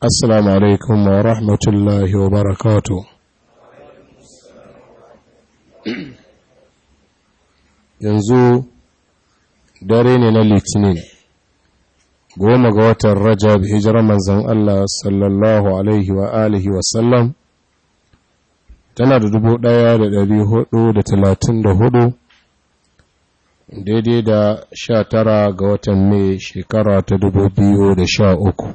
السلام عليكم ورحمة الله yanzu dare ne na litinin goma ga watan rajab hijirar manzan Allah sallallahu tana da dubu ɗaya da ɗari hudu da talatin da hudu daidai da sha tara ga watan mai shekara ta dubu biyu da sha uku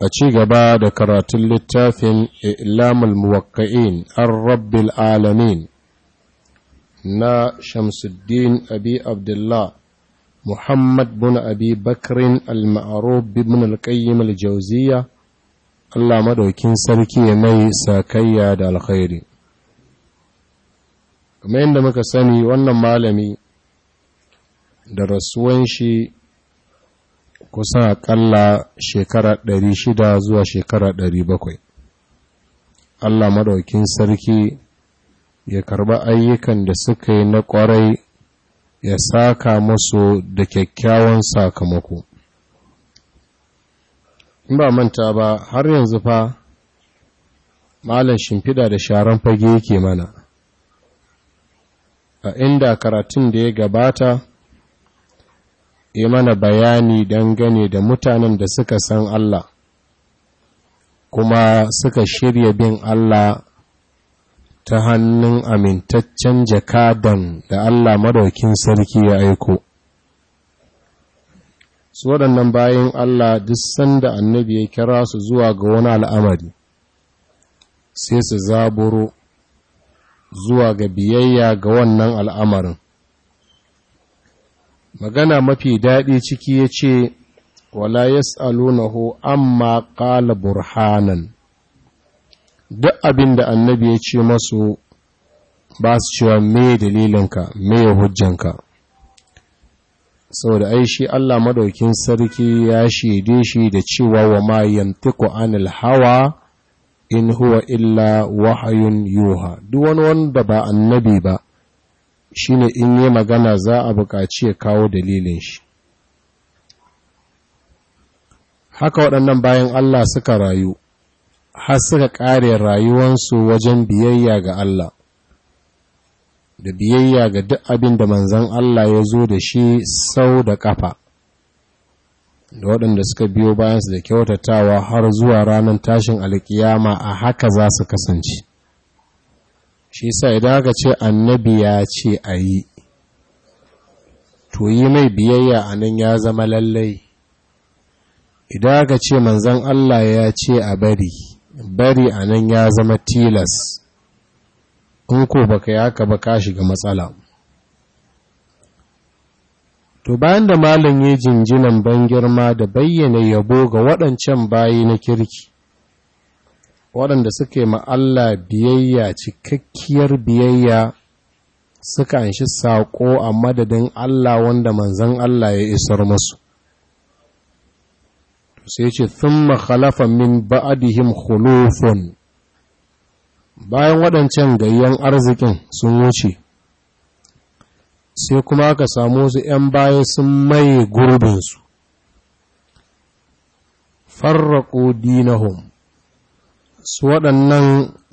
a ci gaba da karatun littafin ilamul muwakka'in an rabbil alamin na shamsuddin abi abdullah muhammad bin abi bakrin al-ma'aruf bin al-qayyim al-jawziya Allah madaukin sarki ya mai sakayya da alkhairi kamar yadda muka sani wannan malami da rasuwan shi kusan akalla shekara ɗari shida zuwa shekara ɗari 700 Allah maɗaukin sarki ya karba ayyukan da suka yi na ƙwarai ya saka masu da kyakkyawan sakamako in ba manta ba har yanzu fa malam shimfiɗa da sharan fage yake mana a inda karatun da ya gabata yi mana bayani dangane da mutanen da suka san Allah kuma suka shirya bin Allah ta hannun amintaccen jakadan da Allah madaukin sarki ya aiko su waɗannan bayan Allah duk sanda annabi ya kira su zuwa ga wani al'amari sai su zaburo zuwa ga biyayya ga wannan al'amarin magana mafi daɗi ciki ya ce wala ya yas'alunahu amma ƙala burhanan duk abin da annabi ya ce masu ba su cewa me dalilinka me hujjanka saboda ai shi Allah madaukin sarki ya shaide shi da cewa wa ma yantiqu anil hawa in huwa illa wahayun yuha duk wani wanda ba annabi ba shine in yi magana za a buƙaci ya kawo dalilin shi haka waɗannan bayan Allah suka rayu har suka ƙare rayuwansu wajen biyayya ga Allah da biyayya ga duk abin da manzan Allah ya zo da shi sau da ƙafa da waɗanda suka biyo bayansu da kyautatawa har zuwa ranar tashin alkiyama a haka za su kasance shi sa idan aka ce annabi ya ce a yi to yi mai biyayya a nan ya zama lallai idan aka ce manzan Allah ya ce a bari bari a nan ya zama tilas in ko baka yi haka ba ka shiga matsala to bayan da malam ya jinjinan ban girma da bayyana yabo ga waɗancan bayi na kirki waɗanda suke ma'alla biyayya cikakkiyar biyayya suka anshi saƙo a madadin Allah wanda manzan Allah ya isar masu. Sai ce, ma khalafa min ba'adihim khulufun bayan waɗancan gayyan arzikin sun wuce, sai kuma ka samu su ‘yan baya sun maye gurbinsu, farraƙo dinahum su waɗannan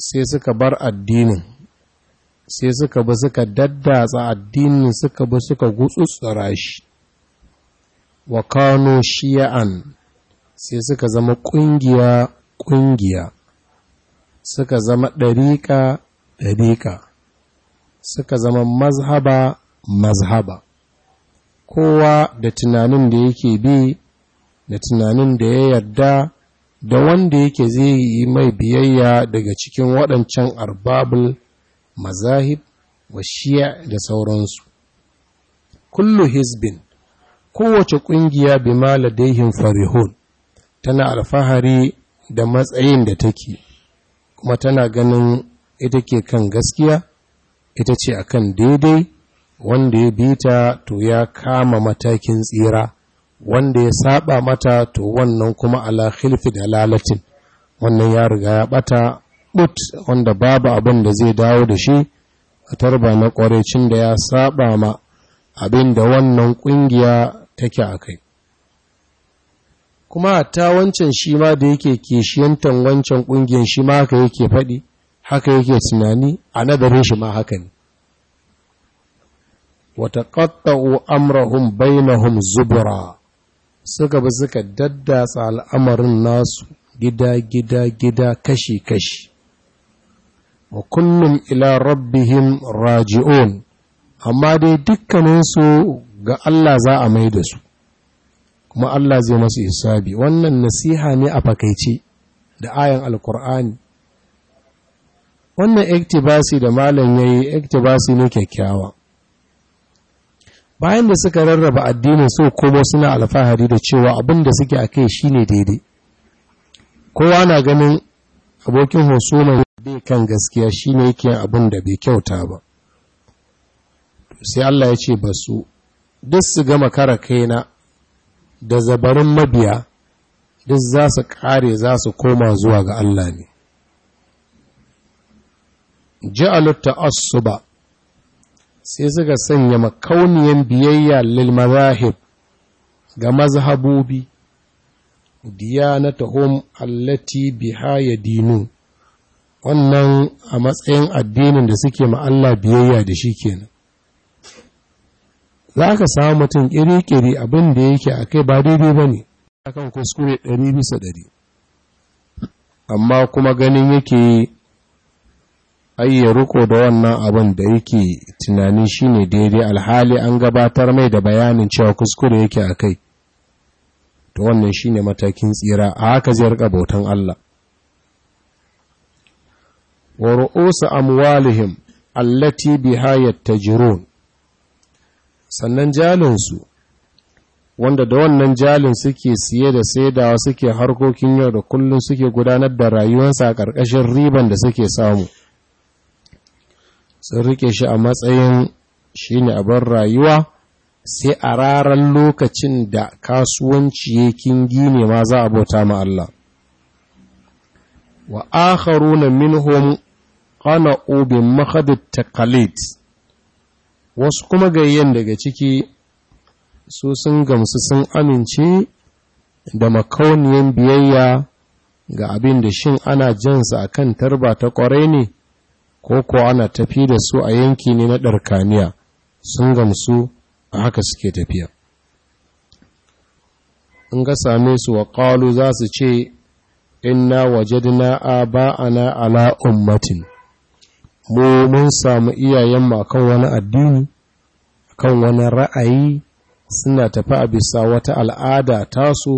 sai suka bar addinin sai suka bi suka daddatsa addinin suka bi suka gutsutsura shi wa kano shi'an sai suka zama ƙungiya ƙungiya suka zama ɗariƙa ɗariƙa suka zama mazhaba mazhaba kowa da tunanin da yake bi da tunanin da ya yarda da wanda yake zai yi mai biyayya daga cikin waɗancan arbabul mazahib wa shiya da sauransu kullu Hisbin, kowace ƙungiya bi daihin farihun tana alfahari da matsayin da take kuma tana ganin ita ke kan gaskiya ita ce a kan daidai wanda ya bi ta to ya kama matakin tsira wanda ya saba mata to wannan kuma ala khilfi lalatin, wannan ya riga ya bata but wanda babu abin da zai dawo da shi a tarba na ƙwarecin da ya saba ma abin da wannan ƙungiya take a kai kuma ta wancan shi ma da yake kishiyantan wancan ƙungiyar shi ma haka yake faɗi haka yake tunani a nadarin shi ma haka ne wata ƙatta'u amrahum bainahum zubura suka bi suka daddatsa al'amarin nasu gida-gida-gida kashi-kashi wa kullum ila rabbihim raji'un amma dai dukkaninsu ga Allah za a mai da su kuma Allah zai masu hisabi wannan nasiha ne a fakaice da ayan alkur'ani wannan Ektibasi da malam ya yi ektibasi ne kyakkyawa bayan da suka rarraba addinin so kuma suna alfahari da cewa abin da suke a kai shi ne daidai kowa na ganin abokin husuma bai kan gaskiya shi ne yake abin da bai kyauta ba sai Allah ya ce ba su duk su gama kara kaina da zabarin mabiya duk za su kare za su koma zuwa ga Allah ne ja'alut ta'assuba sai suka sanya makauniyan biyayya lil mazahib ga mazhabobi diyanatahum allati biha yadinu wannan a matsayin addinin da suke ma Allah biyayya da shi kenan za ka samu mutum ƙiri-ƙiri abin da yake a kai ba daidai ba ne kan kuskure 200 amma kuma ganin yake ai ya riko da wannan abin da yake tunanin shine daidai alhali an gabatar mai da bayanin cewa kuskure yake a kai to wannan shine matakin tsira a haka zai rika bautan Allah wa ru'usu amwalihim allati biha yatajrun sannan su wanda da wannan jalin suke siye da saidawa suke harkokin yau da kullun suke gudanar da rayuwarsa a ƙarƙashin riban da suke samu sun rike shi a matsayin shi ne abin rayuwa sai a rarar lokacin da kasuwanci ya kingi ne ma za a bauta ma Allah wa na minhum qana'u bi makhadit taqalid wasu kuma gayyen daga ciki su sun gamsu sun amince da makauniyan biyayya ga abin da shin ana jansa akan tarba ta kwarai ne ko ko ana tafi da su a yanki ne na ɗarkaniya sun gamsu a haka suke tafiya in ga same su wa ƙalu za su ce inna wajadna a ala ummatin mu mun samu iyayenmu kan wani addini kan wani ra'ayi suna tafi a bisa wata al'ada tasu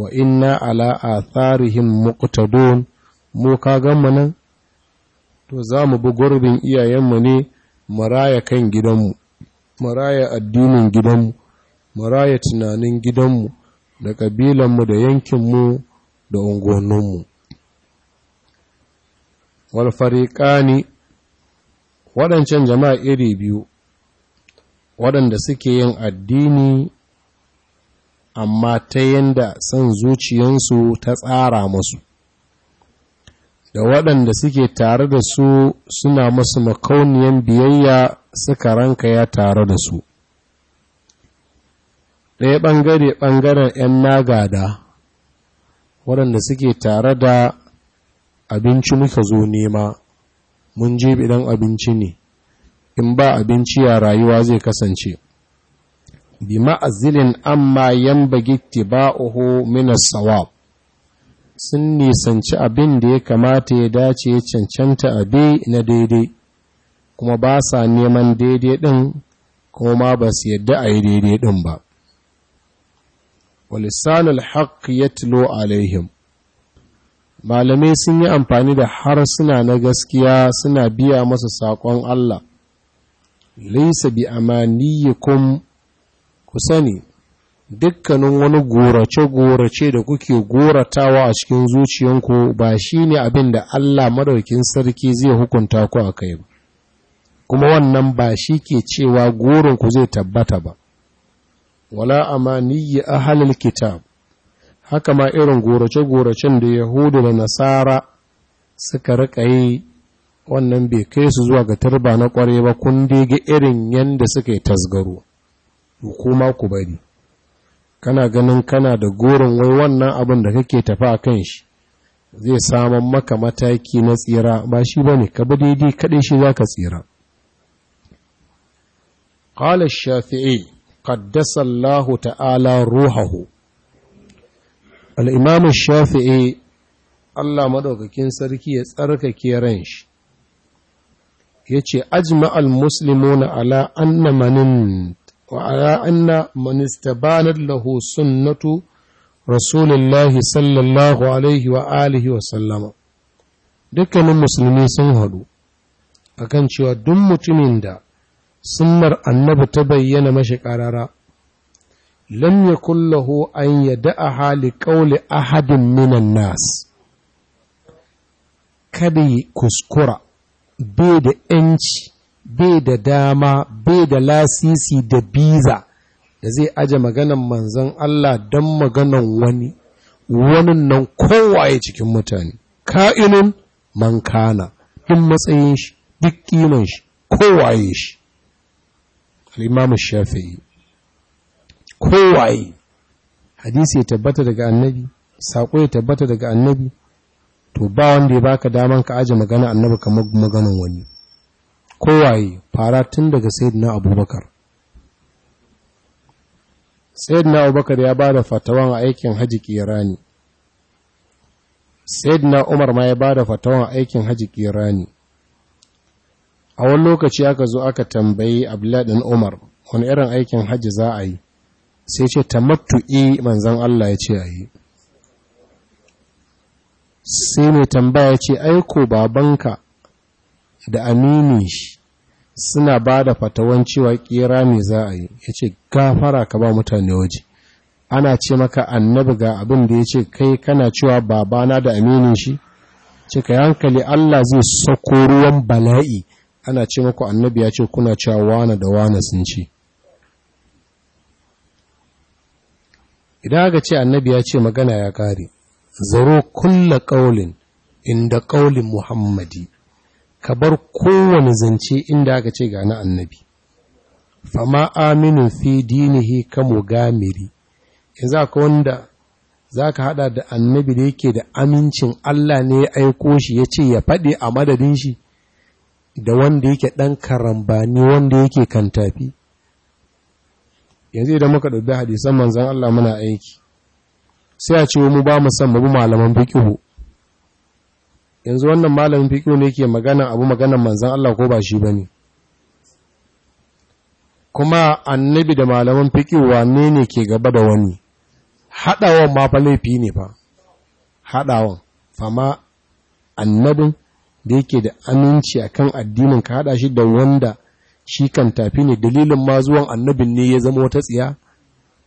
wa inna ala atharihim muqtadun mu ka gama nan to za mu bi gurbin iyayenmu ne maraya kan gidanmu maraya addinin gidanmu maraya tunanin gidanmu da ƙabilanmu da yankinmu da unguwanninmu walfariƙani waɗancan jama'a iri biyu waɗanda suke yin addini amma ta yanda son zuciyansu ta tsara musu da waɗanda suke tare da su suna masu makauniyan biyayya suka ranka ya tare da su ɗaya ɓangare ɓangaren 'yan nagada waɗanda suke tare da abinci muka zo nema mun je idan abinci ne in ba abinci ya rayuwa zai kasance bi ma'azilin amma yan bagitti ba'uhu minas sawab sun nisanci abin da ya kamata ya dace ya cancanta abe na daidai kuma ba sa neman daidai ɗin kuma ba su yadda a yi daidai ɗin ba walisanul haq ya tilo alaihim malamai sun yi amfani da harsuna na gaskiya suna biya masa saƙon Allah laisa bi amaniyikum ku sani dukkanin wani gorace-gorace da kuke goratawa a cikin zuciyanku ba shi ne abin da Allah madaukin sarki zai hukunta ku a kai ba, kuma wannan ba shi ke cewa gorinku zai tabbata ba. Wala amaniyyi a halin kitab, haka ma irin gorace-goracen da Yahudu da Nasara suka riƙa yi wannan bai kai su zuwa ga turba na kware ba kun dege irin yadda suka yi tasgaro, kuma ku bari. kana ganin kana da goron wai wannan abin da kake tafi a kan shi zai samun maka mataki na tsira ba shi ba ne ka bi daidai kaɗai shi za ka tsira ƙala shafi'i ƙaddasallahu ta'ala ruhahu al'imamun shafi'i allah maɗaukakin sarki ya tsarkake ran shi ya ce ajma'al muslimuna ala annamanin wa ala anna man istabanat lahu sunnatu rasulillahi sallallahu alaihi wa alihi wa sallama dukkanin musulmi sun haɗu akan cewa duk mutumin da sunnar annabi ta bayyana mashi ƙarara lam yakun lahu an yada'aha li qawli ahadin minan nas kada kuskura bai da ‘yanci bai da dama bai da lasisi da biza da zai aje maganan manzan Allah don maganan wani wani nan kowaye cikin mutane ka'inun man kana matsayin shi duk kiman shi kowaye shi al'imamu shafi'i kowaye hadisi ya tabbata daga annabi saƙo ya tabbata daga annabi to ba wanda ya baka daman ka aje magana annabi kamar maganan wani kowaye fara tun daga sayyidina abubakar sayyidina abubakar ya ba da fatawan aikin haji kirani sayyidina umar ma ya ba da fatawan aikin haji ne. a wani lokaci aka zo aka tambayi abdullahi umar wani irin aikin hajji za a yi sai ce ta tamattu'i manzan Allah ya ce a yi sai mai tambaya ce aiko babanka da aminin shi suna ba da fatawan cewa kera me za a yi ya ce gafara ka ba mutane waje ana ce maka annabi ga abin da ya ce kai kana cewa babana da aminin shi ce ka hankali Allah zai sako ruwan bala'i ana ce maku annabi ya ce kuna cewa wana da wana sun ce idan aka ce annabi ya ce magana ya kare zaro kulla ƙaulin inda kaulin muhammadi ka bar kowane zance inda aka ce ga na annabi fama Aminu fi dinihi ka mugamiri za ka wanda za ka hada da annabi da yake da amincin Allah ne ya aiko shi ya ce ya faɗi a madadin shi da wanda yake ɗan karambani wanda yake kan tafi yanzu idan muka ɗauki hadisan manzan Allah muna aiki sai a ce mu ba mu malaman fiqhu yanzu wannan malamin fiqh ne ke magana abu magana manzon Allah ko ba shi bane kuma annabi da malaman fiqh wane ne ke gaba da wani haɗawan ma fa laifi ne fa fa fama annabin da yake da aminci a kan addinin ka haɗa shi da wanda shi kan tafi ne dalilin ma zuwan annabin ne ya zama wata tsiya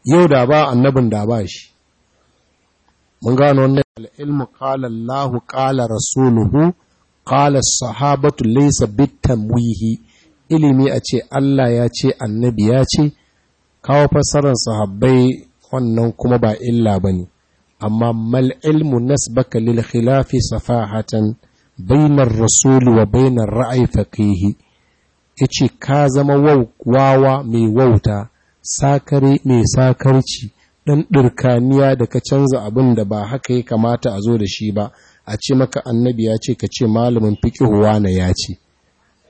yau da ba annabin da ba shi mun gano wannan al’ilmu kala Allah kala rasuluhu kala sahabatu laysa bitamwihi ilimi a ce Allah ya ce annabi ya ce kawo fassarar sahabbai wannan kuma ba illa ba ne amma mal ilmu nasbaka lil khilafi safahatan bainar rasul wa bainar ra'ayi faqihi yace ka zama wawa mai wauta sakare mai sakarci ɗan ɗirkaniya da ka canza abin da ba haka ya kamata a zo da shi ba a ce maka annabi ya ce ka ce malamin fiƙihuwa na ya ce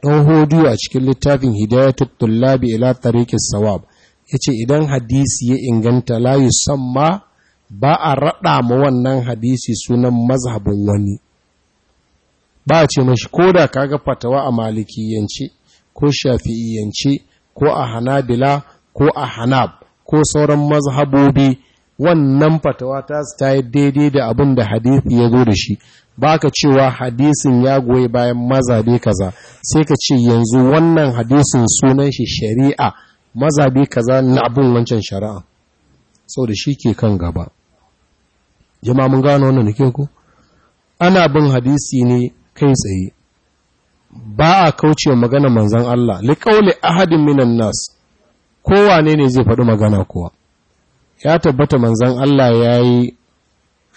ɗan hudu a cikin littafin hidayatul tullabi ila tariqis sawab ce idan hadisi ya inganta la yusamma ba a raɗa ma wannan hadisi sunan mazhabin wani ba a ce mashi ko da kaga fatawa a malikiyance ko shafi'iyance ko a hanabila ko a hanab ko sauran mazhabobi wannan fatawa ta su ta yi daidai da abin da hadithi ya zo da shi ba ka cewa hadisin ya goyi bayan mazabe kaza sai ka ce yanzu wannan hadisin sunan shi shari'a mazabe kaza na abin wancan shari'a sau da shi ke kan gaba jama mun gano wannan da ku ana bin hadisi ne kai tsaye ba a kauce magana manzan Allah liƙauli ahadin minan nas kowane ne zai faɗi magana kuwa ya tabbata manzan Allah ya yi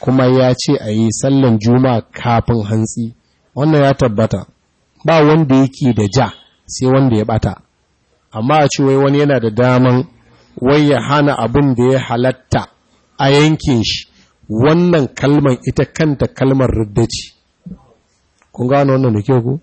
kuma ya ce a yi sallan juma kafin hantsi wannan ya tabbata ba wanda yake da ja sai wanda ya bata amma a ce wani yana da daman wai ya hana abin da ya halatta a yankin shi wannan kalmar ita kanta kalmar ridda ce kun gano wannan da ke ku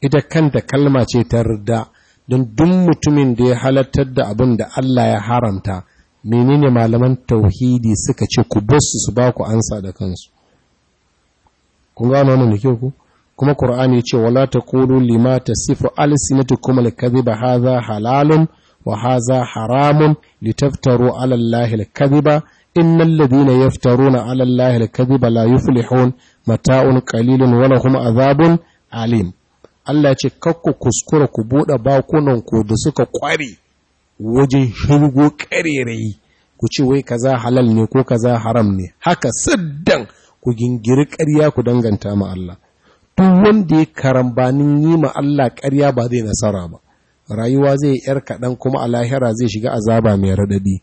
ita kanta kalma ce ta ridda don duk mutumin da ya halartar da abin da Allah ya haramta menene malaman tauhidi suka ce ku bossu su ba ku ansa da kansu kun gano wannan da kyau ku kuma qur'ani ce wala taqulu lima tasifu alsinatukum alkadhiba hadha halalun wa hadha haramun litaftaru ala allahi alkadhiba innal na yaftaruna ala allahi alkadhiba la yuflihun mata'un qalilun wa lahum adhabun alim Allah ce ku kuskura ku buɗe bakunanku da suka ƙware wajen shirgo ƙarerayi ku ce wai kaza halal ne ko kaza haram ne haka siddan ku gingiri ƙarya ku danganta ma Allah duk wanda ya karambanin yi ma Allah ƙarya ba zai nasara ba rayuwa zai yar kaɗan kuma a lahira zai shiga azaba mai raɗaɗi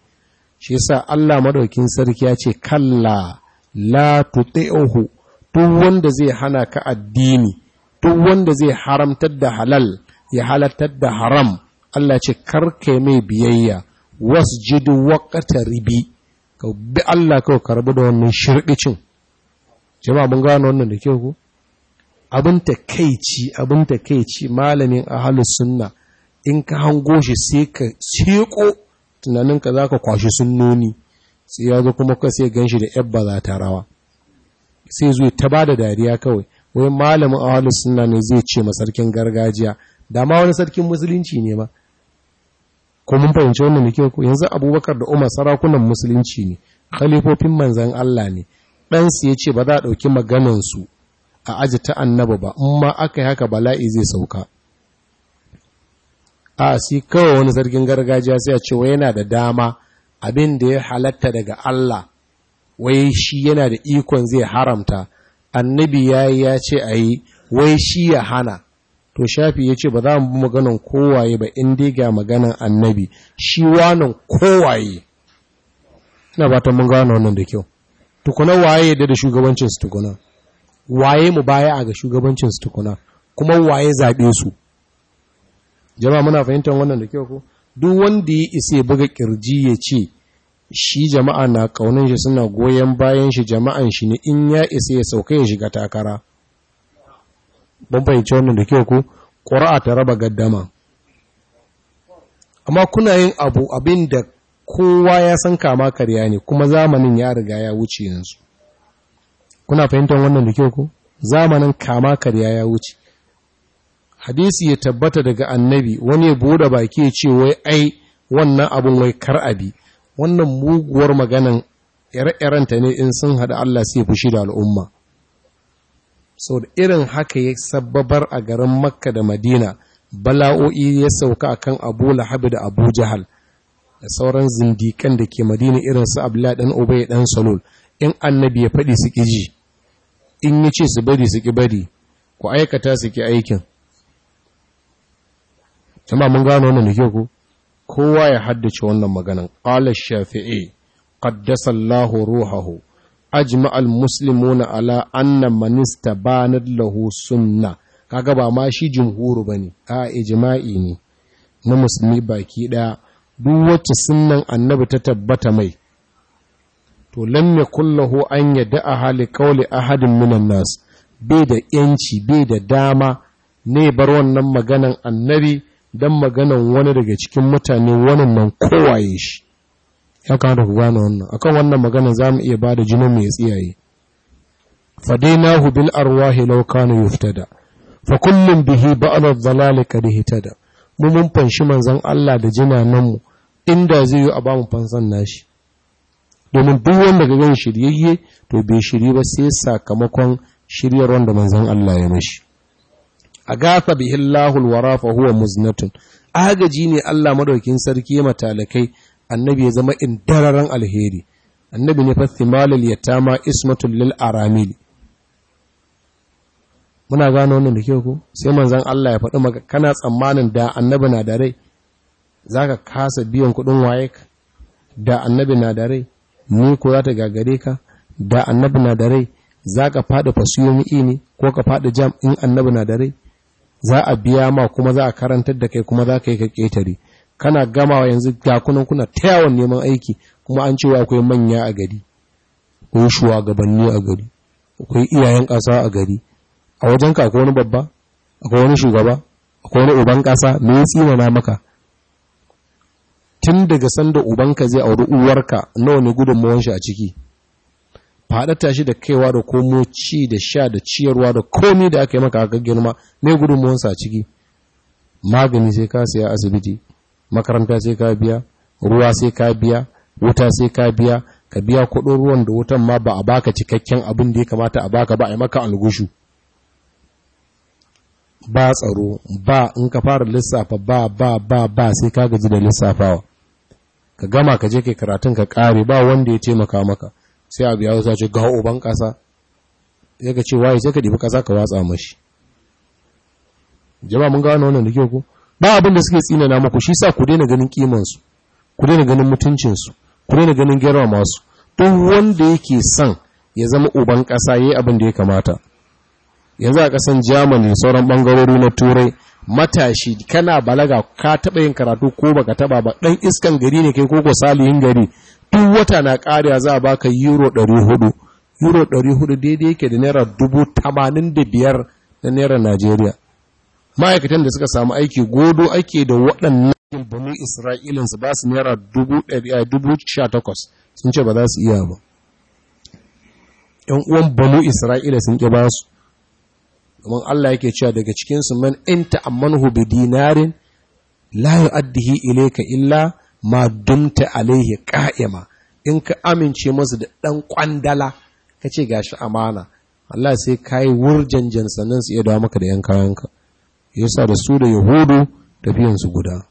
shi yasa Allah madaukin sarki ya ce kalla la tuti'uhu duk wanda zai hana ka addini duk wanda zai haramtar da halal ya halartar da haram Allah ce karka mai biyayya wasu jidu wakata ribi ka bi Allah kawai ka rabu da wannan shirbicin jama'a mun gano wannan da kyau ko abin ta ci abin ta ci malamin ahlus sunna in ka hango shi sai ka seko tunaninka zaka kwashi sunnoni sai ya zo kuma ka sai ganshi da yabba za ta rawa sai zuwa ta bada dariya kawai wai malamin ahalus suna ne zai ce ma sarkin gargajiya da ma wani sarkin musulunci ne ma ko mun fahimci wannan da kyau yanzu abubakar da umar sarakunan musulunci ne khalifofin manzan allah ne ɗansu ya ce ba za a ɗauki maganansu a aji ta annaba ba in ma aka yi haka bala'i zai sauka a si kawai wani sarkin gargajiya sai a ce wai yana da dama abin da ya halatta daga allah wai shi yana da ikon zai haramta annabi ya yi ya ce a yi wai shi ya hana to shafi ya ce ba za mu maganan kowaye ba in dai ga maganan annabi shi wanan kowaye ina ba ta mun wani wannan da kyau tukuna waye yadda da shugabancin su tukuna waye mu baya a ga shugabancin su tukuna kuma waye zaɓe su jama'a muna fahimtar wannan da kyau ko duk wanda ya isa ya buga kirji ya ce shi jama'a na kaunan shi suna goyon bayan shi jama'an shi ne in ya isa ya sauka ya shiga takara ban fahimci wannan da kyau ku ƙura'a ta raba gaddama amma kuna yin abu abin da kowa ya san kama karya ne kuma zamanin ya riga ya wuce yanzu kuna fahimtar wannan da kyau ku zamanin kama karya ya wuce hadisi ya tabbata daga annabi wani ya bude baki ya ce wai ai wannan abin wai kar abi wannan muguwar maganan ire-irenta ne in sun haɗa Allah sai fushi da al'umma sau da irin haka ya sababar a garin makka da madina bala'o'i ya sauka a kan abu lahabi da abu jahal da sauran zindikan da ke madina irin su abla dan obay ɗan salul in annabi ya faɗi su ji in ya ce su bari su ƙi bari ku aikata su ki aikin mun gano wannan kowa ya haddace wannan maganan ƙala shafi'i qaddasallahu ruhahu ajma al muslimuna ala anna man istabanat lahu sunna kaga ba ma shi jumhuru bane a ijma'i ne na musulmi baki ɗaya. duk wacce sunnan annabi ta tabbata mai to lam yakul lahu an a hali qawli ahadin minan nas bai da yanci bai da dama ne bar wannan maganan annabi don maganan wani daga cikin mutane wannan nan kowaye shi ya kamata ku gane wannan akan wannan magana za mu iya ba da jinin mai tsiyaye fadainahu bil arwahi law kana yuftada fa kullum bihi ba'd dhalal kad hitada mu mun fanshi manzon Allah da jinanan mu inda zai yi a ba mu fansan nashi domin duk wanda ga gan shiryayye to bai shiri ba sai sakamakon shiryar wanda manzon Allah ya mishi a bihi bihin wara fa huwa muznatun agaji ne Allah madaukin sarki matalakai annabi ya zama indararan alheri annabi ne fathimalul yatama ismatul lil aramili muna gano wannan da kyau ko sai manzon Allah ya faɗi maka kana tsammanin da annabi na da rai zaka kasa biyan kuɗin waye ka da annabi na da rai ni ko za ta gagare ka da annabi na da rai zaka faɗi fasiyomi ne ko ka faɗi jam in annabi na da rai za a biya ma kuma za a karantar da kai kuma za ka yi ka ƙetare kana gamawa yanzu dakunan kuna ta yawon neman aiki kuma an cewa akwai manya a gari akwai shugabanni a gari akwai iyayen ƙasa a gari a wajen ka akwai wani babba akwai wani shugaba akwai wani uban ƙasa me ya na maka tun daga sanda uban ka zai auri uwarka nawa ne gudunmawar shi a ciki faɗata shi da kaiwa da komo ci da sha da ciyarwa da komi da aka yi maka aka girma mai gudunmuwansa a ciki magani sai ka saya asibiti makaranta sai ka biya ruwa sai ka biya wuta sai ka biya ka biya kudin ruwan da wutan ma ba a baka cikakken abin da ya kamata a baka ba a yi maka algushu ba tsaro ba in ka fara lissafa ba ba ba ba sai ka gaji da lissafawa ka gama ka je ka karatun ka kare ba wanda ya taimaka maka sai abu ya wasu ce ga uban ƙasa ya ka ce waye sai ka ɗibi ƙasa ka watsa mashi jama mun gano wannan da kyau ko ba abin da suke tsinana muku shi sa ku daina ganin kimansu ku daina ganin mutuncinsu ku daina ganin gyara masu duk wanda yake son ya zama uban ƙasa yayi abin da ya kamata yanzu a kasan Germany sauran bangarori na Turai matashi kana balaga ka taba yin karatu ko baka taba ba ɗan iskan gari ne kai ko ko salihin gari duk wata na ƙariya za a baka euro 400 euro 400 daidai yake da naira 85,000 na naira najeriya ma'aikatan da suka samu aiki godo ake da waɗannan bamu isra'ilin su ba su naira 18,000 sun ce ba za su iya ba ‘yan uwan isra'ila sun ƙi ba su domin allah yake cewa daga cikinsu man in ta'ammanhu bi dinarin la yu'addihi ilayka illa ma dumta alaihi qa'ima in ka amince masu da ɗan ƙwandala ka ce ga shi amana Allah sai ka yi wurjan sannan su iya dawo maka da ‘yan kayanka sa da su da yahudu su guda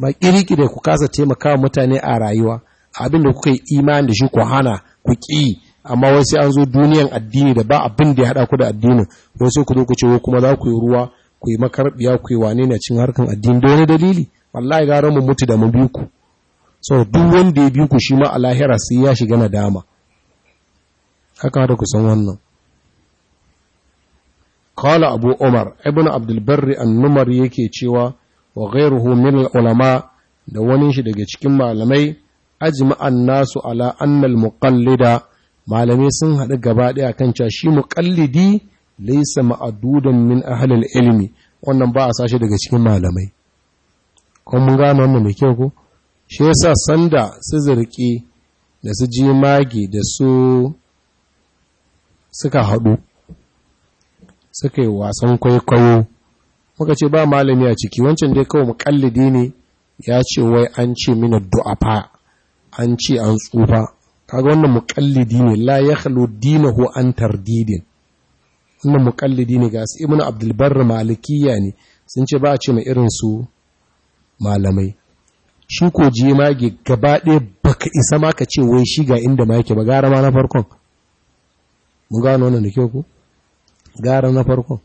ba ƙiriki da ku kasa taimaka mutane a rayuwa abin da kuka yi imani da shi ku hana ku ƙi amma wai sai an zo duniyan addini da ba abin da ya haɗa ku da addinin wai sai ku zo ku ce kuma za ku yi ruwa ku yi makarbiya ku yi wane ne cin harkan addini da wani dalili wallahi gara mu mutu da mu bi ku so duk wanda ya bi ku shi ma a lahira sai ya shiga nadama haka da ku san wannan kala abu umar Ibn abdulbarri annumar an-numar yake cewa wa gairu min ulama da wani shi daga cikin malamai ajma'an nasu ala annal mukallida muqallida malamai sun haɗu gaba ɗaya kan cewa shi muqallidi laysa ma'dudan min a halin ilmi wannan ba a sashi daga cikin malamai kun mun gane wannan mai kyau ko shi yasa sanda su zirki da su magi da su suka haɗu suka yi wasan kwaikwayo muka ce ba malami a ciki wancan dai kawai mukallidi ne ya ce wai an ce mina du'afa an ce an tsufa kaga wannan mukallidi ne la yakhlu dinahu an tardidin wannan mukallidi ne ga su ibnu abdul barr malikiya ne sun ce ba a ce mai irin su malamai shi ko jemage gaba ɗaya baka isa ma ka ce wai shi ga inda ma yake ba gara ma na farkon mun gano wannan da kyau ku gara na farkon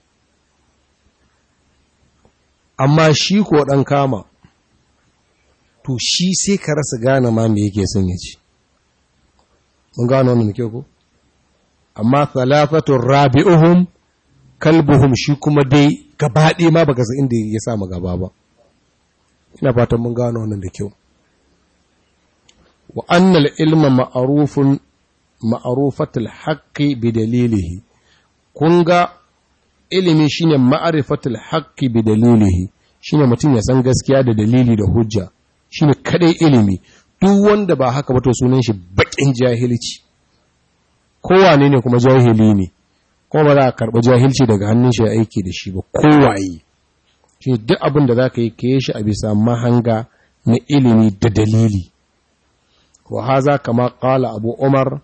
amma shi ko ɗan kama to shi sai ka rasa gane ma me yake son ya ci mun gano wannan da kyau ku amma salafatun rabi'uhum kalbuhum shi kuma dai gaba ɗaya ma baka san inda ya sa mu gaba ba ina fatan mun gano wannan da kyau wa annal ilma ma'arufun ma'arufatul haqqi bi dalilihi kun ga ilimi shine ma'arifatul haqqi bi dalilihi shine mutum ya san gaskiya da dalili da hujja shine kadai ilimi duk wanda ba haka ba to sunan shi bakin jahilci kowane ne kuma jahili ne kuma ba za a karɓi jahilci daga hannun shi aiki da shi ba kowaye shi duk abin da za ka yi ka shi a bisa mahanga na ilimi da dalili wa haza kama ƙala abu umar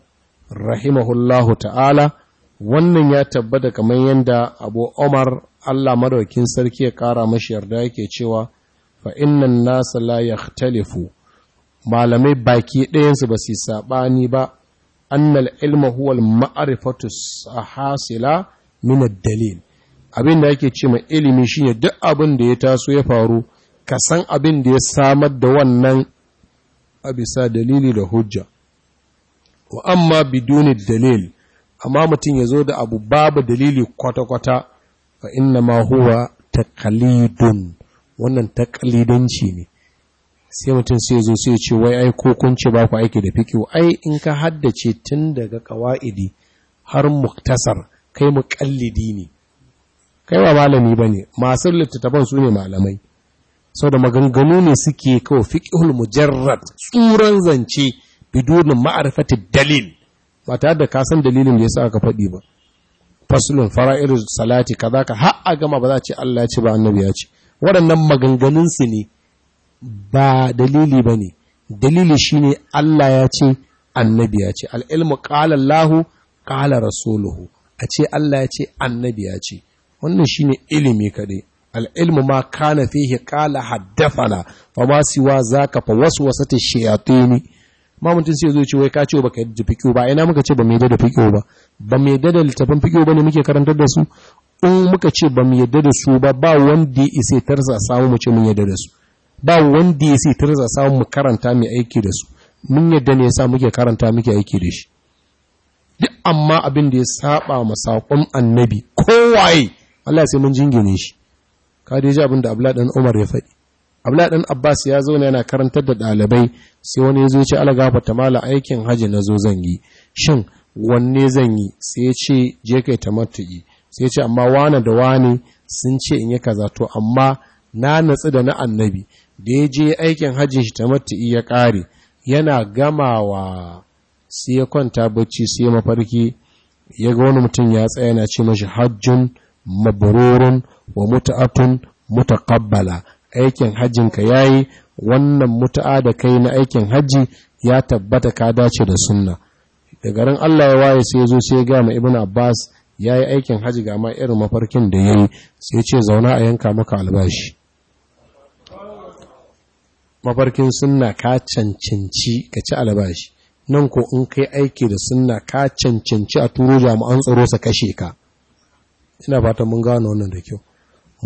rahimahullahu ta'ala wannan ya tabbata kamar yadda abu umar allah madaukin sarki ya ƙara mashi yarda yake cewa fa innan nasa la yakhtalifu malamai baki ɗayansu ba su saɓani ba annal ilma huwal ma'arifatu a hasila min dalil abin da ake ce mai ilimi shine duk abin da ya taso ya faru ka san abin da ya samar da wannan a bisa dalili da hujja wa amma biduni dalil amma mutum ya zo da abu babu dalili kwata-kwata fa inna ma huwa taqlidun wannan taqlidanci ne sai mutum sai zo sai ce wai ai ko kun ce ba ku aiki da fikihu ai in ka haddace tun daga ƙawa'idi har muktasar kai muqallidi ne kai ba malami ba masu littattafan su ne malamai sau da maganganu ne suke kawo fiƙihul mujarrad tsuran zance bidonin maarfati dalil ba tare da kasan dalilin da ya sa ka faɗi ba faslun fara'ir salati ka za ka har a gama ba za ce Allah ya ce ba annabi ya ce waɗannan maganganun su ne ba dalili ba ne dalili ne Allah ya ce annabi ya ce al'ilmu ƙala ƙalar ƙala rasuluhu a ce Allah ya ce annabi ya ce wannan shine ilimi kaɗai al'ilmu ma kana fihi qala haddathana fa ma siwa zaka fa waswasati shayatini ma mutum sai zo ce wai ka ce baka yadda fiqhu ba ina muka ce ba mai da fiqhu ba ba mai da littafin fiqhu ba ne muke karantar da su in muka ce ba mu yadda da su ba ba wanda ya isa tarza samu mu ce mun yadda da su ba wanda ya isa tarza samu mu karanta mai aiki da su mun yadda ne yasa muke karanta muke aiki da shi duk amma abin da ya saba ma saƙon annabi kowaye Allah sai mun jingine shi ka dai ji abin da Abdullah dan Umar ya faɗi Abdullah dan Abbas ya zo ne yana karantar da ɗalibai sai wani ya zo ce Allah gafarta mala aikin haji na zo zan yi shin wanne zan yi sai ya ce je kai tamattu'i sai ya ce amma wane da wane sun ce in yi kaza to amma na natsu da na annabi da ya je aikin hajjin shi tamattu'i ya kare yana gamawa sai ya kwanta bacci sai mafarki ya ga wani mutum ya tsaya yana ce mashi hajjun Maburorin wa mut'atun mutaqabbala aikin hajjinka yayi wannan mutu'a da kai na aikin hajji ya tabbata ka dace da sunna Daga garin Allah ya waye sai zo sai ga mu ibnu abbas yayi aikin hajji ga ma irin mafarkin da yayi sai ce zauna a yanka maka albashi mafarkin sunna ka cancanci ka ci albashi nan ko in kai aiki da sunna ka cancanci a turo jami'an tsaro sa kashe ka ina fata mun gano wannan da kyau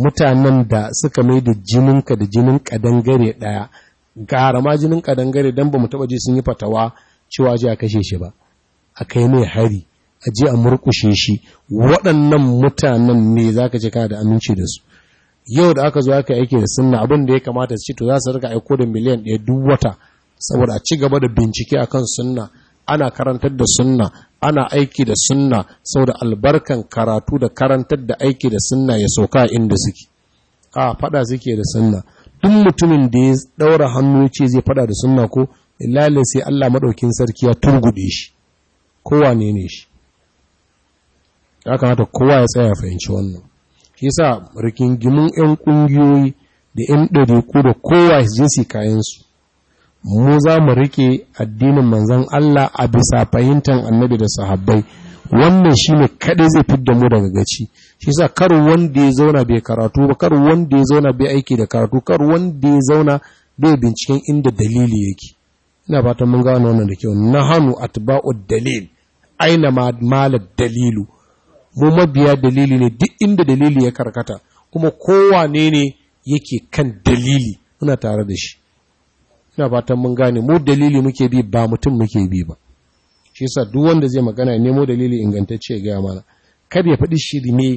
mutanen da suka mai da jininka da jinin kadangare daya gara ma jinin kadangare dan bamu taba ji sun yi fatawa cewa ji a kashe shi ba a kai mai hari a je a murkushe shi waɗannan mutanen ne zaka ce kana da aminci da su yau da aka zo aka yake da sunna abin da ya kamata su ci to za su rika aiko da miliyan ɗaya duk wata saboda a ci gaba da bincike a kan sunna ana karantar da sunna ana aiki da sunna saboda albarkan karatu da karantar da aiki da sunna ya sauka inda suke a fada suke da sunna duk mutumin da ya daura hannu ce zai fada da sunna ko lalle sai Allah madaukin sarki ya turgude shi kowa ne ne shi ya kamata kowa ya tsaya fahimci wannan shi yasa rikingimun yan kungiyoyi da yan ɗariku da kowa su je su mu za mu rike addinin manzon Allah a bisa fahimtar annabi da sahabbai wannan shine kaɗai zai fidda mu daga gaci shi sa kar wanda ya zauna bai karatu ba kar wanda ya zauna bai aiki da karatu kar wanda ya zauna bai binciken inda dalili yake ina fatan mun gano wannan da kyau a atba'ud dalil aina ma dalilu mu mabiya dalili ne duk inda dalili ya karkata kuma kowane ne yake kan dalili muna tare da shi ina fatan mun gane mu dalili muke bi ba mutum muke bi ba shi yasa duk wanda zai magana nemo dalili ingantacce ga mana kada ya faɗi shirme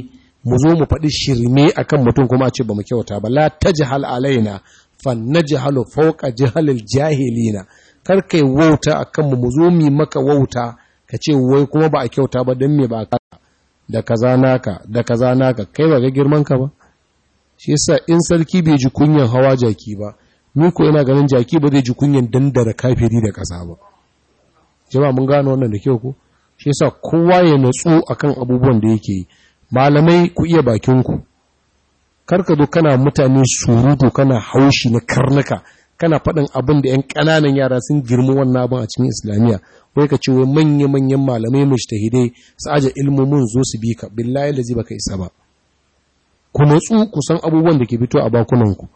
mu zo mu faɗi shirme akan mutum kuma a ce ba mu kyauta ba la tajhal alaina fa najhalu fawqa jahalil jahilina kar kai wauta akan mu mu zo mu maka wauta ka ce wai kuma ba a kyauta ba dan me ba ka da kaza naka da kaza naka kai ba ga girman ka ba shi yasa in sarki bai ji kunyan hawa jaki ba ni ko yana ganin jaki ba zai ji kunyan dandara kafiri da ƙasa ba jama mun gano wannan da kyau ko shi yasa kowa ya natsu akan abubuwan da yake yi malamai ku iya bakin ku Kar ka zo kana mutane surutu kana haushi na karnuka kana faɗin abin da 'yan ƙananan yara sun girma wannan abin a cikin islamiyya wai ka ce wai manya-manyan malamai mujtahidai su aje ilmomin zo su bi ka billahi lazi baka isa ba ku natsu ku san abubuwan da ke fito a bakunanku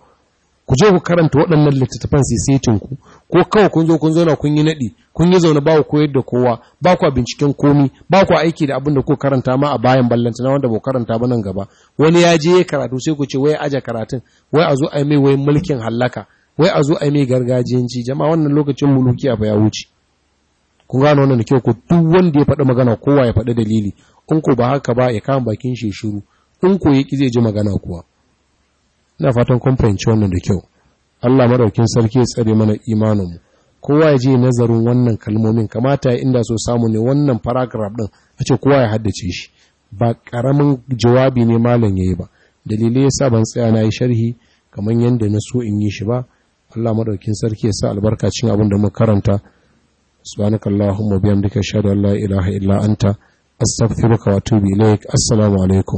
ku je ku karanta waɗannan littattafan sisitin ku ko kawai kun zo kun zo na kun yi naɗi kun yi zaune ba ku koyar da kowa ba ku binciken komi ba ku aiki da abin da ku karanta ma a bayan ballanta na wanda ba karanta ba nan gaba wani ya je ya karatu sai ku ce wai aja karatun wai a zo a mai wai mulkin hallaka wai a zo a mai gargajiyanci jama'a wannan lokacin muluki a ya wuce kun gano wannan kyau ko duk wanda ya faɗi magana kowa ya faɗi dalili in ko ba haka ba ya kama bakin shi shiru in ko ya ƙi zai ji magana kuwa ina fatan kun fahimci wannan da kyau Allah madaukin sarki ya tsare mana imanin mu kowa ya je nazarin wannan kalmomin kamata inda so samu ne wannan paragraph din a ce kowa ya haddace shi ba karamin jawabi ne malam yayi ba dalilai yasa ban tsaya na yi sharhi kamar yanda na so in yi shi ba Allah madaukin sarki ya sa albarka cikin abin da muka karanta subhanakallahumma bihamdika ashhadu an la ilaha illa anta astaghfiruka wa atubu ilaik assalamu alaikum